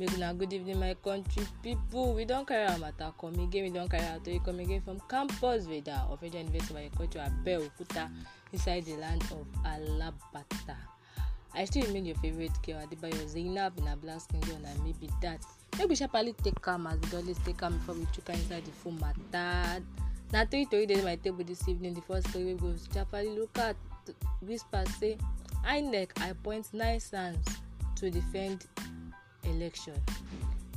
make una good evening my country pipo we don carry our matter come again we don carry our tori come again from campus veda of federal university of agriculture abeokuta inside the land of alabata i still remain your favourite girl adebayo zainab na black skin girl na maybe that. make we sharparly take am as we dey always take am before we chuka inside the full matter na three tori dey my table this evening the first tori wey we go sharparly look at whisper say inec appoint nine sons to defend election.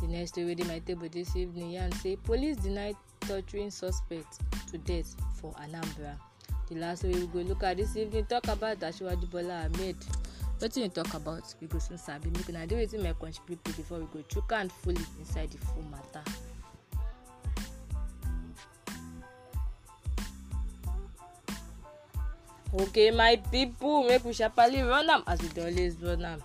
The next story within my table this evening yarn say police denied torturing suspect to death for Anambra. The last story we go look at this evening talk about Asiwaju Bola Ahmed. Wetin you talk about? We go soon sabi make una do wetin my country people before we go chook hand fully inside the full matter. okay my pipo make we sharparly run am as we dey always run am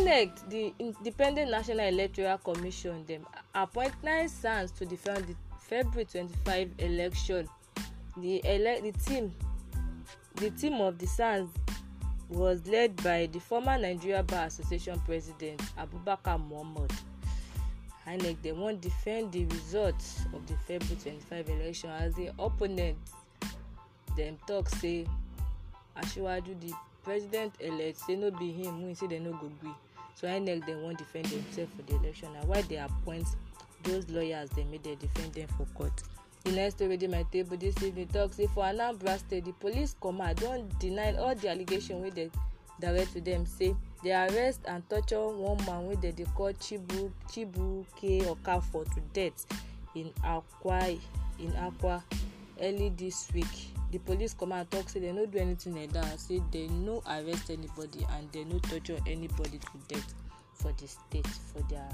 inec di independent national electoral commission dem appoint nine sons to defend the february twenty-five election the ele the team the team of the sons was led by the former nigeria bar association president abubakar muhammad inec dem wan defend the results of the february twenty-five election as the opponent dem talk say asiwaju the president-elect say no be him win say dem no go gree so inec dem wan defend themselves for the election na why they appoint those lawyers dem make dem defend dem for court the next story wey dey my table this evening talk say for anambra state the police command don deny all the allegation wey dem direct to dem say dey arrest and torture one man wey dem dey call chibu chibuke okafor to death in akwa in akwa early this week the police come out tok say dem no do anytin like that. say they no arrest anybody and they no torture anybody to death for the state for their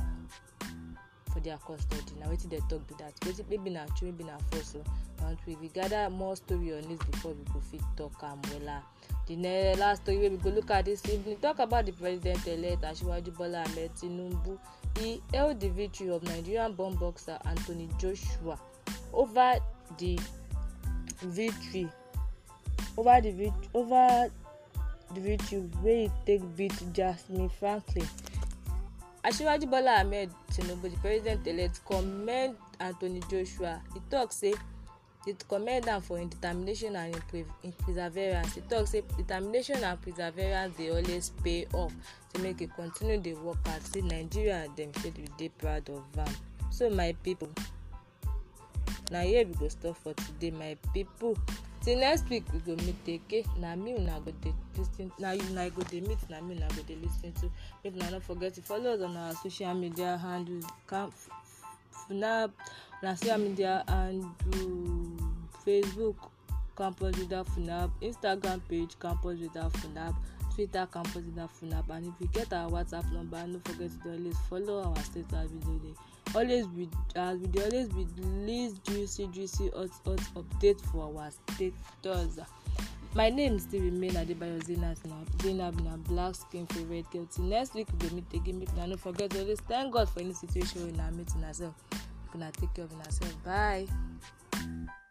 for their custody na wetin dem tok be dat wetin maybe na true maybe na false o and we we gather more story on this before we go fit talk am wella the last story wey we go look at this evening talk about the president-elect asiwaju bola ahmed tinubu he hail the victory of nigerian born boxer anthony joshua over the victory ova di victory ova di victory wey e take beat jasmine franklin asiwaju bola ahmed tinubu di president-elect commend anthony joshua He tok say he commend am for im determination and im perseverance He tok say determination and perseverance dey always pay off to make e continue dey work hard say nigeria dem say we dey proud of am so my people na here we go stop for today my people. till next week we go meet again na me una go dey lis ten na you una go dey meet na me una go dey lis ten to make una no forget to follow us on our social media handle funab na social media handle facebook campus reader funab instagram page campus reader funab twitter campus reader funab and if you get our whatsapp number no forget to always follow our status video dey always be as we dey always be the least juicy juicy hot hot update for our status my name still remain adebayo zainab na zainab na black skin favourite girl till next week we go meet again make una no forget to always thank god for any situation wey una meet una sef una take care of una sef bye.